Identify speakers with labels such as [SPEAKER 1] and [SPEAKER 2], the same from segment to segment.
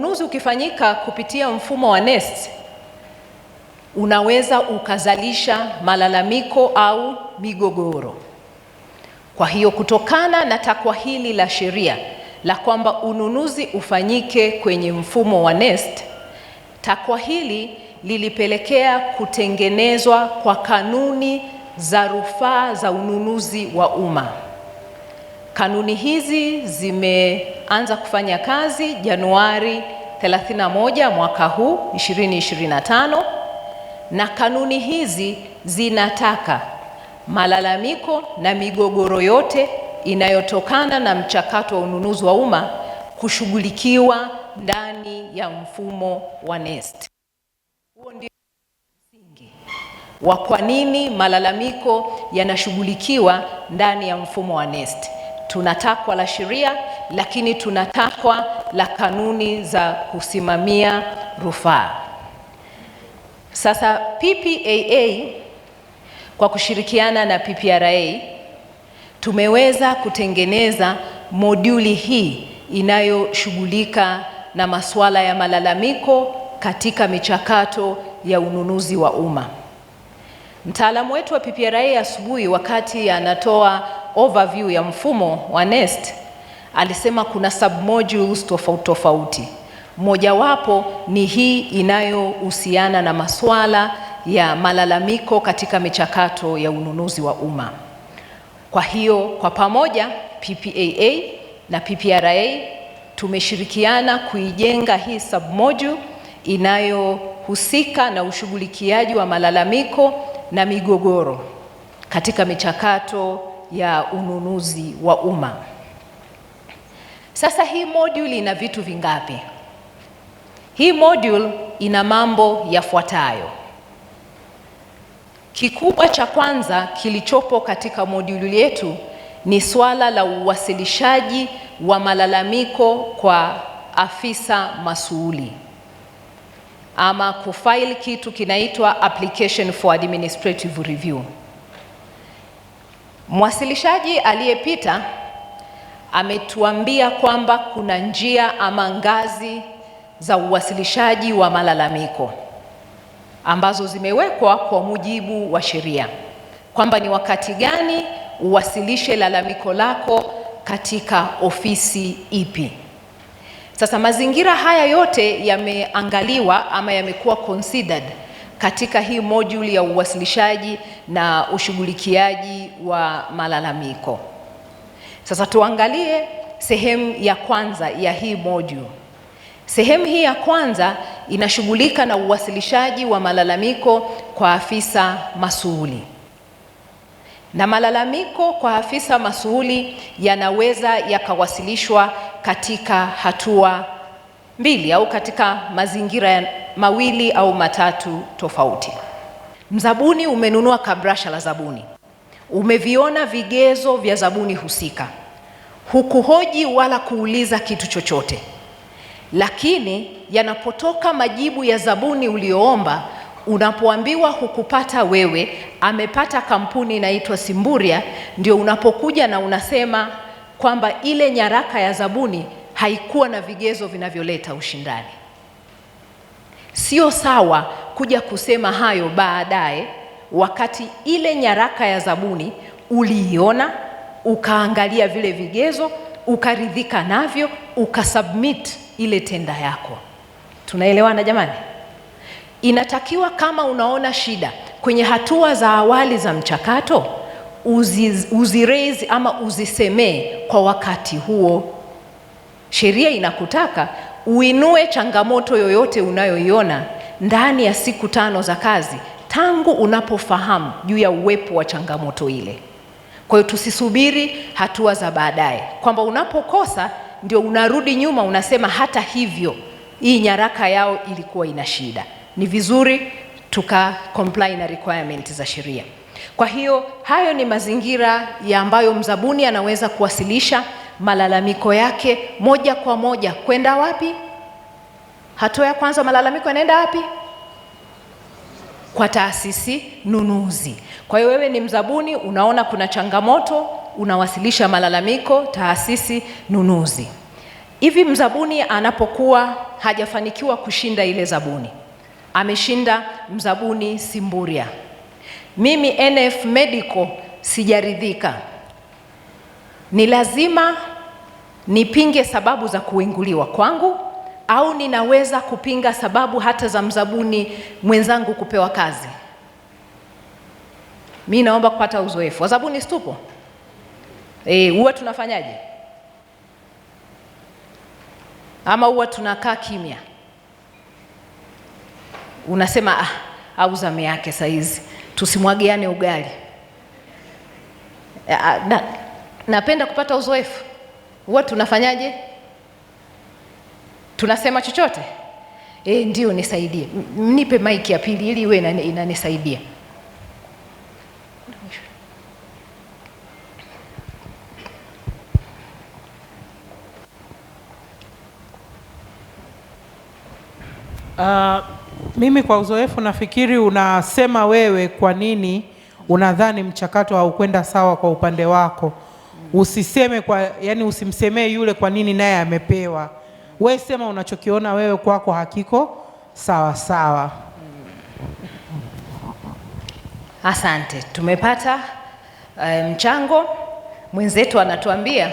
[SPEAKER 1] ununuzi ukifanyika kupitia mfumo wa NeST unaweza ukazalisha malalamiko au migogoro. Kwa hiyo kutokana na takwa hili la sheria la kwamba ununuzi ufanyike kwenye mfumo wa NeST, takwa hili lilipelekea kutengenezwa kwa kanuni za rufaa za ununuzi wa umma. Kanuni hizi zimeanza kufanya kazi Januari 31 mwaka huu 2025, na kanuni hizi zinataka malalamiko na migogoro yote inayotokana na mchakato wa ununuzi wa umma kushughulikiwa ndani ya mfumo wa NeST. Huo ndio msingi wa kwa nini malalamiko yanashughulikiwa ndani ya mfumo wa NeST. Tuna takwa la sheria, lakini tuna takwa la kanuni za kusimamia rufaa. Sasa PPAA kwa kushirikiana na PPRA tumeweza kutengeneza moduli hii inayoshughulika na masuala ya malalamiko katika michakato ya ununuzi wa umma. Mtaalamu wetu wa PPRA asubuhi wakati anatoa overview ya mfumo wa NeST alisema kuna submodules tofauti tofauti, mojawapo ni hii inayohusiana na masuala ya malalamiko katika michakato ya ununuzi wa umma. Kwa hiyo kwa pamoja PPAA na PPRA tumeshirikiana kuijenga hii submodule inayohusika na ushughulikiaji wa malalamiko na migogoro katika michakato ya ununuzi wa umma. Sasa hii module ina vitu vingapi? Hii module ina mambo yafuatayo. Kikubwa cha kwanza kilichopo katika moduli yetu ni swala la uwasilishaji wa malalamiko kwa afisa masuuli ama kufaili kitu kinaitwa application for administrative review. Mwasilishaji aliyepita ametuambia kwamba kuna njia ama ngazi za uwasilishaji wa malalamiko ambazo zimewekwa kwa mujibu wa sheria, kwamba ni wakati gani uwasilishe lalamiko lako katika ofisi ipi. Sasa mazingira haya yote yameangaliwa ama yamekuwa considered katika hii moduli ya uwasilishaji na ushughulikiaji wa malalamiko. Sasa tuangalie sehemu ya kwanza ya hii moduli. Sehemu hii ya kwanza inashughulika na uwasilishaji wa malalamiko kwa afisa masuhuli Na malalamiko kwa afisa masuhuli yanaweza yakawasilishwa katika hatua mbili au katika mazingira mawili au matatu tofauti. Mzabuni umenunua kabrasha la zabuni, umeviona vigezo vya zabuni husika, hukuhoji wala kuuliza kitu chochote, lakini yanapotoka majibu ya zabuni ulioomba unapoambiwa hukupata wewe, amepata kampuni inaitwa Simburia, ndio unapokuja na unasema kwamba ile nyaraka ya zabuni haikuwa na vigezo vinavyoleta ushindani. Sio sawa kuja kusema hayo baadaye, wakati ile nyaraka ya zabuni uliiona ukaangalia vile vigezo ukaridhika navyo ukasubmit ile tenda yako. Tunaelewana jamani? Inatakiwa kama unaona shida kwenye hatua za awali za mchakato uzi, raise ama uzisemee kwa wakati huo. Sheria inakutaka uinue changamoto yoyote unayoiona ndani ya siku tano za kazi tangu unapofahamu juu ya uwepo wa changamoto ile. Kwa hiyo tusisubiri hatua za baadaye, kwamba unapokosa ndio unarudi nyuma unasema hata hivyo hii nyaraka yao ilikuwa ina shida. Ni vizuri tuka comply na requirement za sheria. Kwa hiyo hayo ni mazingira ya ambayo mzabuni anaweza kuwasilisha malalamiko yake moja kwa moja kwenda wapi? Hatua ya kwanza, malalamiko yanaenda wapi? Kwa taasisi nunuzi. Kwa hiyo wewe ni mzabuni, unaona kuna changamoto, unawasilisha malalamiko taasisi nunuzi. Hivi mzabuni anapokuwa hajafanikiwa kushinda ile zabuni, ameshinda mzabuni Simburia, mimi NF Medical sijaridhika, ni lazima nipinge sababu za kuinguliwa kwangu au ninaweza kupinga sababu hata za mzabuni mwenzangu kupewa kazi? Mi naomba kupata uzoefu. Wazabuni situpo eh, huwa e, tunafanyaje? Ama huwa tunakaa kimya, unasema ah, au zame yake sahizi tusimwagiane ugali. Ah, ah, napenda kupata uzoefu huwa tunafanyaje? Tunasema chochote e, ndio nisaidie, mnipe maiki ya pili ili iwe inanisaidia.
[SPEAKER 2] Uh, mimi kwa uzoefu nafikiri unasema wewe, kwa nini unadhani mchakato haukwenda sawa kwa upande wako? Usiseme kwa, yani usimsemee yule kwa nini naye amepewa. We sema unachokiona wewe kwako hakiko sawa sawa.
[SPEAKER 1] Asante, tumepata eh, mchango. Um, mwenzetu anatuambia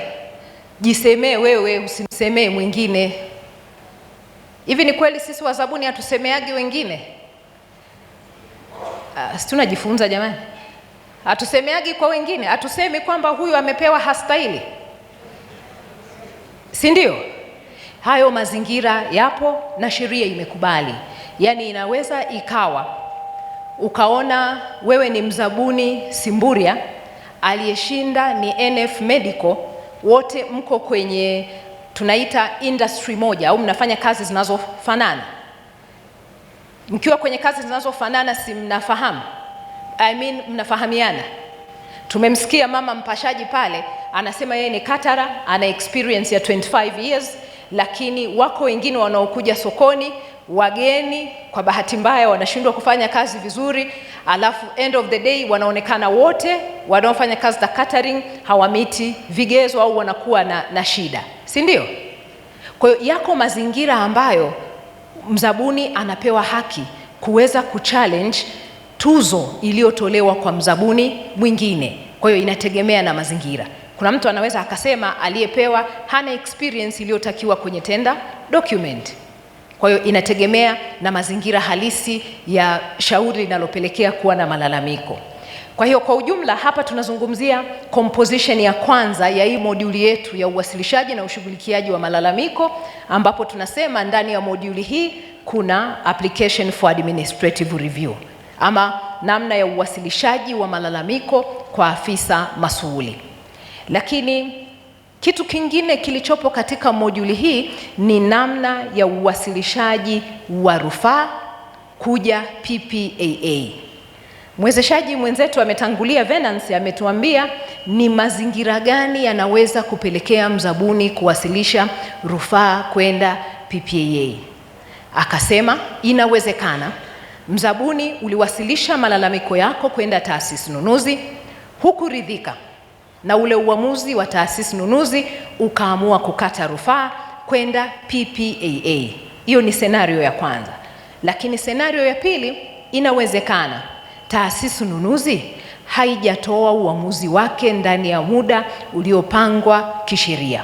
[SPEAKER 1] jisemee wewe, usimsemee mwingine. Hivi ni kweli sisi wazabuni hatusemeagi wengine? Uh, si tunajifunza jamani. Hatusemeagi kwa wengine, hatusemi kwamba huyu amepewa hastahili, si ndio? Hayo mazingira yapo na sheria imekubali. Yaani inaweza ikawa ukaona wewe ni mzabuni Simburia, aliyeshinda ni NF Medical, wote mko kwenye tunaita industry moja au mnafanya kazi zinazofanana. Mkiwa kwenye kazi zinazofanana, si mnafahamu I mean, mnafahamiana. Tumemsikia mama mpashaji pale anasema yeye ni katara, ana experience ya 25 years, lakini wako wengine wanaokuja sokoni wageni kwa bahati mbaya wanashindwa kufanya kazi vizuri, alafu end of the day wanaonekana wote wanaofanya kazi za catering hawamiti vigezo au wanakuwa na, na shida, si ndio? Kwa hiyo yako mazingira ambayo mzabuni anapewa haki kuweza kuchallenge tuzo iliyotolewa kwa mzabuni mwingine. Kwa hiyo inategemea na mazingira. Kuna mtu anaweza akasema aliyepewa hana experience iliyotakiwa kwenye tender document. Kwa hiyo inategemea na mazingira halisi ya shauri linalopelekea kuwa na malalamiko. Kwa hiyo kwa ujumla hapa tunazungumzia composition ya kwanza ya hii moduli yetu ya uwasilishaji na ushughulikiaji wa malalamiko ambapo tunasema ndani ya moduli hii kuna application for administrative review ama namna ya uwasilishaji wa malalamiko kwa afisa masuuli. Lakini kitu kingine kilichopo katika moduli hii ni namna ya uwasilishaji wa rufaa kuja PPAA. Mwezeshaji mwenzetu ametangulia, Venance ametuambia ni mazingira gani yanaweza kupelekea mzabuni kuwasilisha rufaa kwenda PPAA. Akasema inawezekana Mzabuni uliwasilisha malalamiko yako kwenda taasisi nunuzi, hukuridhika na ule uamuzi wa taasisi nunuzi, ukaamua kukata rufaa kwenda PPAA. Hiyo ni senario ya kwanza, lakini senario ya pili, inawezekana taasisi nunuzi haijatoa uamuzi wake ndani ya muda uliopangwa kisheria.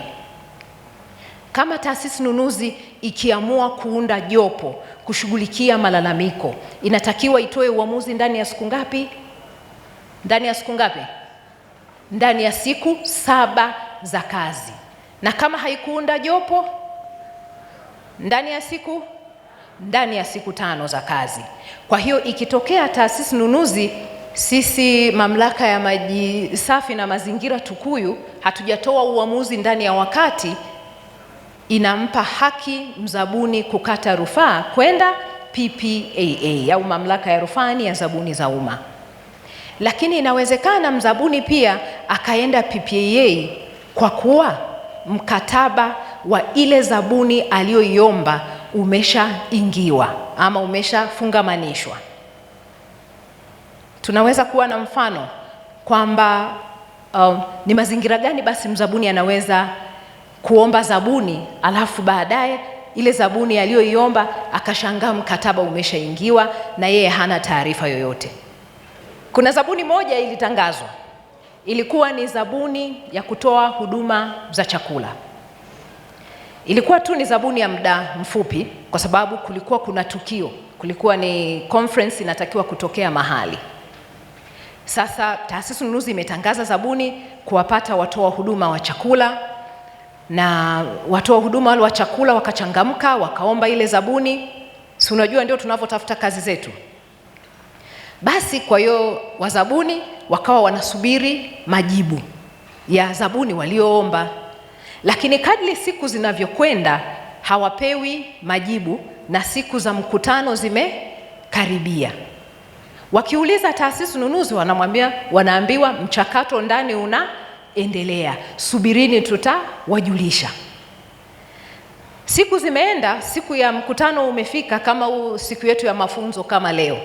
[SPEAKER 1] Kama taasisi nunuzi ikiamua kuunda jopo kushughulikia malalamiko, inatakiwa itoe uamuzi ndani ya siku ngapi? Ndani ya siku ngapi? Ndani ya siku saba za kazi. Na kama haikuunda jopo ndani ya siku ndani ya siku tano za kazi. Kwa hiyo ikitokea taasisi nunuzi, sisi mamlaka ya maji safi na mazingira TUKUYU hatujatoa uamuzi ndani ya wakati inampa haki mzabuni kukata rufaa kwenda PPAA au mamlaka ya rufani ya zabuni za umma, lakini inawezekana mzabuni pia akaenda PPAA kwa kuwa mkataba wa ile zabuni aliyoiomba umeshaingiwa ama umeshafungamanishwa. Tunaweza kuwa na mfano kwamba um, ni mazingira gani basi mzabuni anaweza kuomba zabuni, alafu baadaye ile zabuni aliyoiomba akashangaa mkataba umeshaingiwa na yeye hana taarifa yoyote. Kuna zabuni moja ilitangazwa, ilikuwa ni zabuni ya kutoa huduma za chakula. Ilikuwa tu ni zabuni ya muda mfupi, kwa sababu kulikuwa kuna tukio, kulikuwa ni conference inatakiwa kutokea mahali. Sasa taasisi nunuzi imetangaza zabuni kuwapata watoa huduma wa chakula na watoa huduma wale wa chakula wakachangamka, wakaomba ile zabuni. Si unajua ndio tunavyotafuta kazi zetu. Basi kwa hiyo wazabuni wakawa wanasubiri majibu ya zabuni walioomba, lakini kadri siku zinavyokwenda hawapewi majibu, na siku za mkutano zimekaribia. Wakiuliza taasisi nunuzi wanamwambia wanaambiwa mchakato ndani una endelea, subirini, tutawajulisha. Siku zimeenda, siku ya mkutano umefika, kama u, siku yetu ya mafunzo kama leo,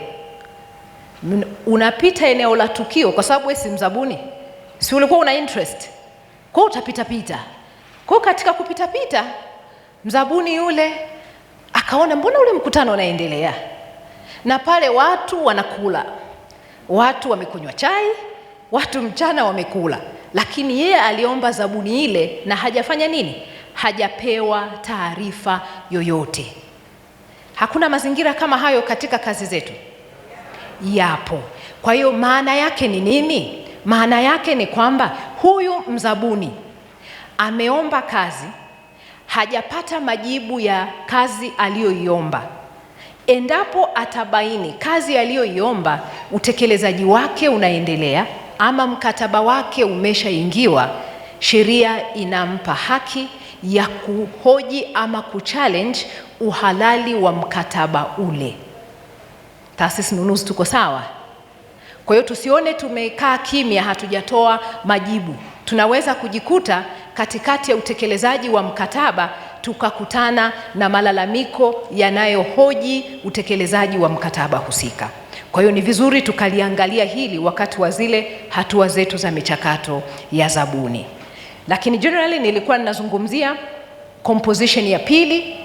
[SPEAKER 1] unapita eneo la tukio, kwa sababu wewe si mzabuni, si ulikuwa una interest kwa utapita pita. Kwa katika kupita pita, mzabuni yule akaona mbona ule mkutano unaendelea, na pale watu wanakula, watu wamekunywa chai, watu mchana wamekula lakini yeye aliomba zabuni ile na hajafanya nini? Hajapewa taarifa yoyote. Hakuna mazingira kama hayo katika kazi zetu, yapo. Kwa hiyo maana yake ni nini? Maana yake ni kwamba huyu mzabuni ameomba kazi, hajapata majibu ya kazi aliyoiomba. Endapo atabaini kazi aliyoiomba utekelezaji wake unaendelea ama mkataba wake umeshaingiwa, sheria inampa haki ya kuhoji ama kuchallenge uhalali wa mkataba ule. Taasisi nunuzi, tuko sawa? Kwa hiyo tusione tumekaa kimya, hatujatoa majibu. Tunaweza kujikuta katikati ya utekelezaji wa mkataba tukakutana na malalamiko yanayohoji utekelezaji wa mkataba husika. Kwa hiyo ni vizuri tukaliangalia hili wakati wa zile hatua zetu za michakato ya zabuni. Lakini generally nilikuwa ninazungumzia composition ya pili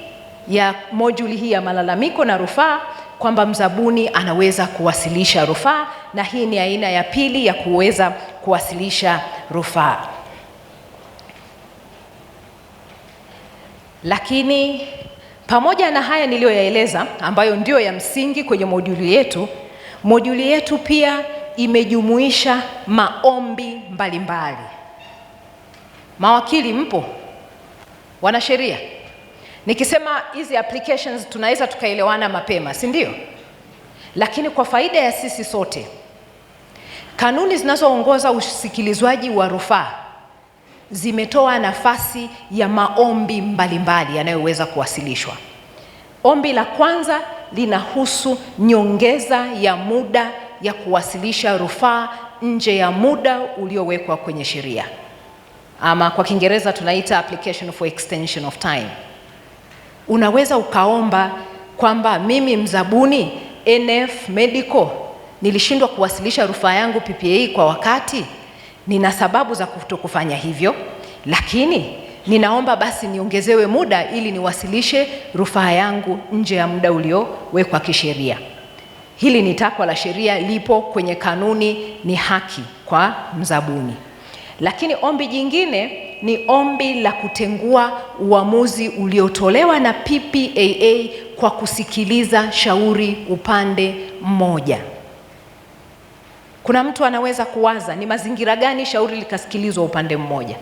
[SPEAKER 1] ya moduli hii ya malalamiko na rufaa kwamba mzabuni anaweza kuwasilisha rufaa, na hii ni aina ya pili ya kuweza kuwasilisha rufaa. Lakini pamoja na haya niliyoyaeleza, ambayo ndiyo ya msingi kwenye moduli yetu Moduli yetu pia imejumuisha maombi mbalimbali mbali. Mawakili mpo, wanasheria, nikisema hizi applications tunaweza tukaelewana mapema, si ndio? Lakini kwa faida ya sisi sote, kanuni zinazoongoza usikilizwaji wa rufaa zimetoa nafasi ya maombi mbalimbali yanayoweza kuwasilishwa. Ombi la kwanza linahusu nyongeza ya muda ya kuwasilisha rufaa nje ya muda uliowekwa kwenye sheria, ama kwa Kiingereza tunaita application for extension of time. Unaweza ukaomba kwamba mimi mzabuni NF Medical nilishindwa kuwasilisha rufaa yangu ppa kwa wakati, nina sababu za kutokufanya hivyo, lakini Ninaomba basi niongezewe muda ili niwasilishe rufaa yangu nje ya muda uliowekwa kisheria. Hili ni takwa la sheria, lipo kwenye kanuni, ni haki kwa mzabuni. Lakini ombi jingine ni ombi la kutengua uamuzi uliotolewa na PPAA kwa kusikiliza shauri upande mmoja. Kuna mtu anaweza kuwaza ni mazingira gani shauri likasikilizwa upande mmoja?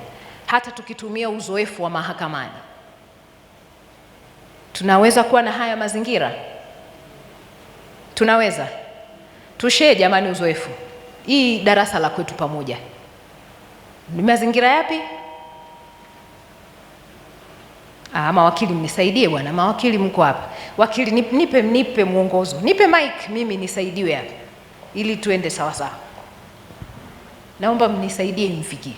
[SPEAKER 1] hata tukitumia uzoefu wa mahakamani. Tunaweza kuwa na haya mazingira? Tunaweza tushee, jamani, uzoefu hii darasa la kwetu pamoja ni mazingira yapi? Ah, mawakili mnisaidie bwana, mawakili mko hapa. Wakili nipe, nipe mwongozo, nipe mic mimi nisaidiwe hapa ili tuende sawa sawa Naomba mnisaidie mfikie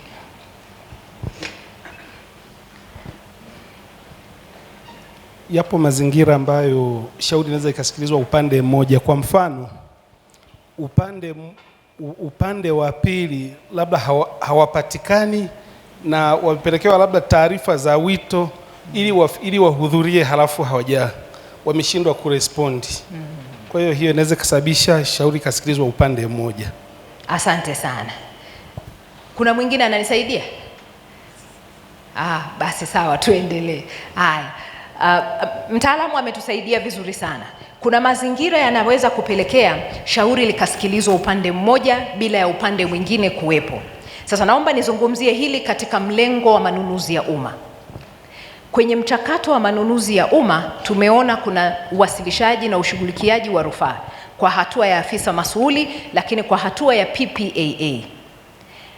[SPEAKER 2] yapo mazingira ambayo shauri inaweza ikasikilizwa upande mmoja. Kwa mfano upande, upande wa pili labda hawa, hawapatikani na wamepelekewa labda taarifa za wito ili, wa, ili wahudhurie halafu hawaja wameshindwa kurespondi. Mm-hmm. Kwa hiyo hiyo inaweza ikasababisha shauri ikasikilizwa upande mmoja.
[SPEAKER 1] Asante sana. Kuna mwingine ananisaidia? Ah, basi sawa, tuendelee. Haya. Uh, uh, mtaalamu ametusaidia vizuri sana. Kuna mazingira yanaweza kupelekea shauri likasikilizwa upande mmoja bila ya upande mwingine kuwepo. Sasa naomba nizungumzie hili katika mlengo wa manunuzi ya umma. Kwenye mchakato wa manunuzi ya umma tumeona kuna uwasilishaji na ushughulikiaji wa rufaa kwa hatua ya afisa masuhuli lakini kwa hatua ya PPAA.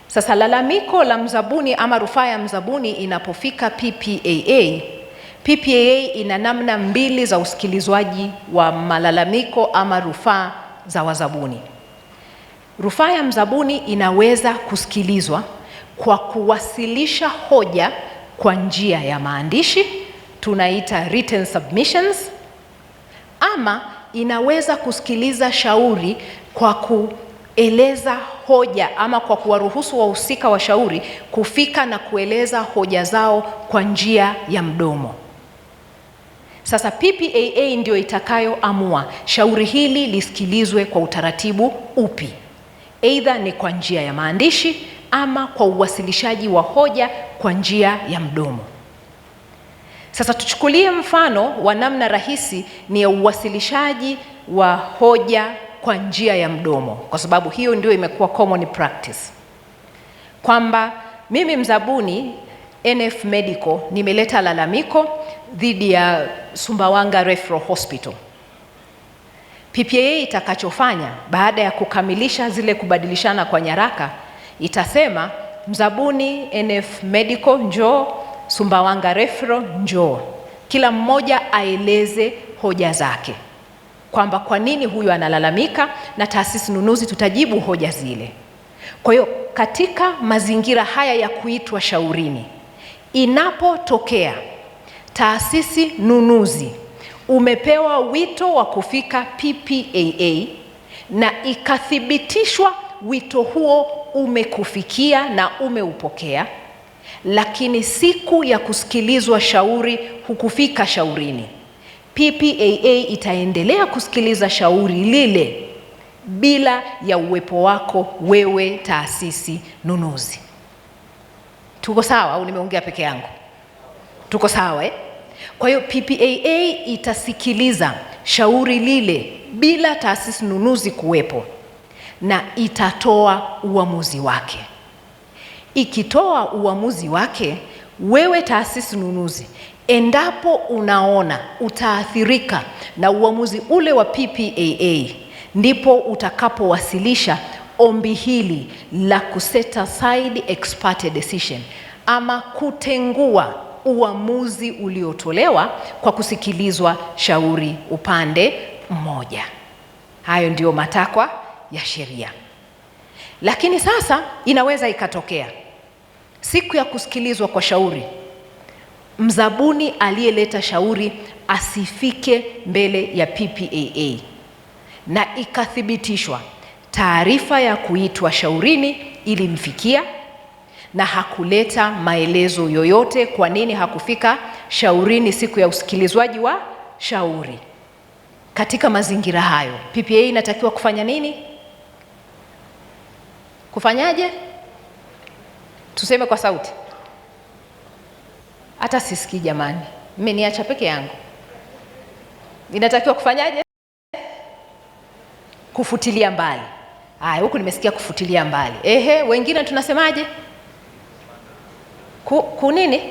[SPEAKER 1] Sasa lalamiko la mzabuni ama rufaa ya mzabuni inapofika PPAA PPAA ina namna mbili za usikilizwaji wa malalamiko ama rufaa za wazabuni. Rufaa ya mzabuni inaweza kusikilizwa kwa kuwasilisha hoja kwa njia ya maandishi, tunaita written submissions, ama inaweza kusikiliza shauri kwa kueleza hoja ama kwa kuwaruhusu wahusika wa shauri kufika na kueleza hoja zao kwa njia ya mdomo. Sasa PPAA ndio itakayoamua shauri hili lisikilizwe kwa utaratibu upi, aidha ni kwa njia ya maandishi ama kwa uwasilishaji wa hoja kwa njia ya mdomo. Sasa tuchukulie mfano wa namna rahisi ni ya uwasilishaji wa hoja kwa njia ya mdomo, kwa sababu hiyo ndio imekuwa common practice, kwamba mimi mzabuni NF Medical nimeleta lalamiko dhidi ya Sumbawanga Referral Hospital. PPAA itakachofanya baada ya kukamilisha zile kubadilishana kwa nyaraka, itasema mzabuni NF Medical njoo, Sumbawanga Referral njoo, kila mmoja aeleze hoja zake kwamba kwa nini huyu analalamika, na taasisi nunuzi tutajibu hoja zile. Kwa hiyo katika mazingira haya ya kuitwa shaurini inapotokea taasisi nunuzi umepewa wito wa kufika PPAA na ikathibitishwa wito huo umekufikia na umeupokea, lakini siku ya kusikilizwa shauri hukufika shaurini, PPAA itaendelea kusikiliza shauri lile bila ya uwepo wako wewe, taasisi nunuzi. Tuko sawa au nimeongea peke yangu? Tuko sawa eh? Kwa hiyo PPAA itasikiliza shauri lile bila taasisi nunuzi kuwepo na itatoa uamuzi wake. Ikitoa uamuzi wake, wewe taasisi nunuzi, endapo unaona utaathirika na uamuzi ule wa PPAA, ndipo utakapowasilisha ombi hili la kuset aside expert decision ama kutengua uamuzi uliotolewa kwa kusikilizwa shauri upande mmoja. Hayo ndiyo matakwa ya sheria. Lakini sasa inaweza ikatokea siku ya kusikilizwa kwa shauri, mzabuni aliyeleta shauri asifike mbele ya PPAA na ikathibitishwa taarifa ya kuitwa shaurini ilimfikia na hakuleta maelezo yoyote kwa nini hakufika shaurini siku ya usikilizwaji wa shauri. Katika mazingira hayo, PPA inatakiwa kufanya nini? Kufanyaje? Tuseme kwa sauti, hata sisikii jamani, mmeniacha peke yangu. Inatakiwa kufanyaje? Kufutilia mbali aya huku nimesikia kufutilia mbali. Ehe, wengine tunasemaje? Ku, ku nini?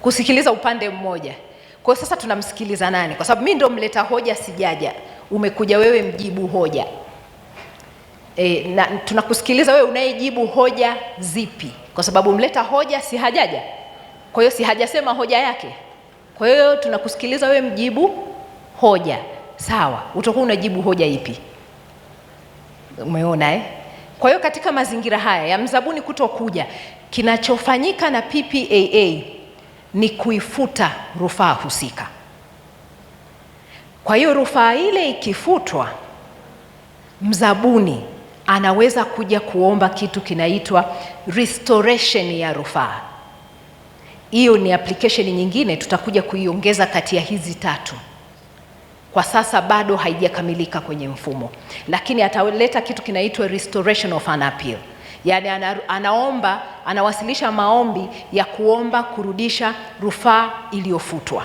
[SPEAKER 1] Kusikiliza upande mmoja. Kwa sasa tunamsikiliza nani? Kwa sababu mimi ndo mleta hoja, sijaja. Umekuja wewe mjibu hoja. E, na tunakusikiliza wewe unayejibu hoja zipi? Kwa sababu mleta hoja si hajaja. Kwa hiyo si hajasema hoja yake. Kwa hiyo tunakusikiliza wewe mjibu hoja. Sawa, utakuwa unajibu hoja ipi? Umeona eh? Kwa hiyo katika mazingira haya ya mzabuni kutokuja, kinachofanyika na PPAA ni kuifuta rufaa husika. Kwa hiyo rufaa ile ikifutwa, mzabuni anaweza kuja kuomba kitu kinaitwa restoration ya rufaa. Hiyo ni application nyingine, tutakuja kuiongeza kati ya hizi tatu kwa sasa bado haijakamilika kwenye mfumo, lakini ataleta kitu kinaitwa restoration of an appeal, Yani ana, anaomba anawasilisha maombi ya kuomba kurudisha rufaa iliyofutwa.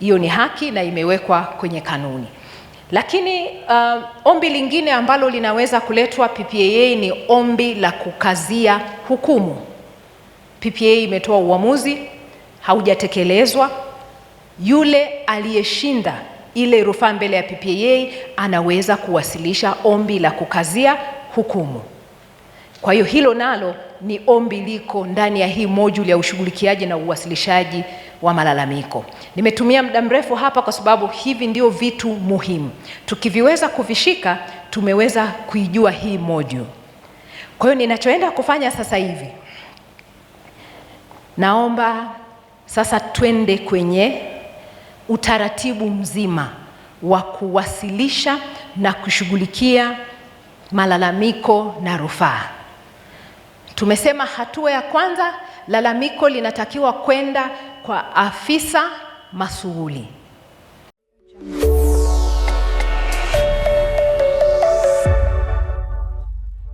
[SPEAKER 1] Hiyo ni haki na imewekwa kwenye kanuni. Lakini uh, ombi lingine ambalo linaweza kuletwa PPAA ni ombi la kukazia hukumu. PPAA imetoa uamuzi haujatekelezwa yule aliyeshinda ile rufaa mbele ya PPAA anaweza kuwasilisha ombi la kukazia hukumu. Kwa hiyo hilo nalo ni ombi liko ndani ya hii moduli ya ushughulikiaji na uwasilishaji wa malalamiko. Nimetumia muda mrefu hapa kwa sababu hivi ndio vitu muhimu. Tukiviweza kuvishika, tumeweza kuijua hii moduli. Kwa hiyo ninachoenda kufanya sasa hivi, naomba sasa twende kwenye utaratibu mzima wa kuwasilisha na kushughulikia malalamiko na rufaa. Tumesema hatua ya kwanza, lalamiko linatakiwa kwenda kwa afisa masuuli.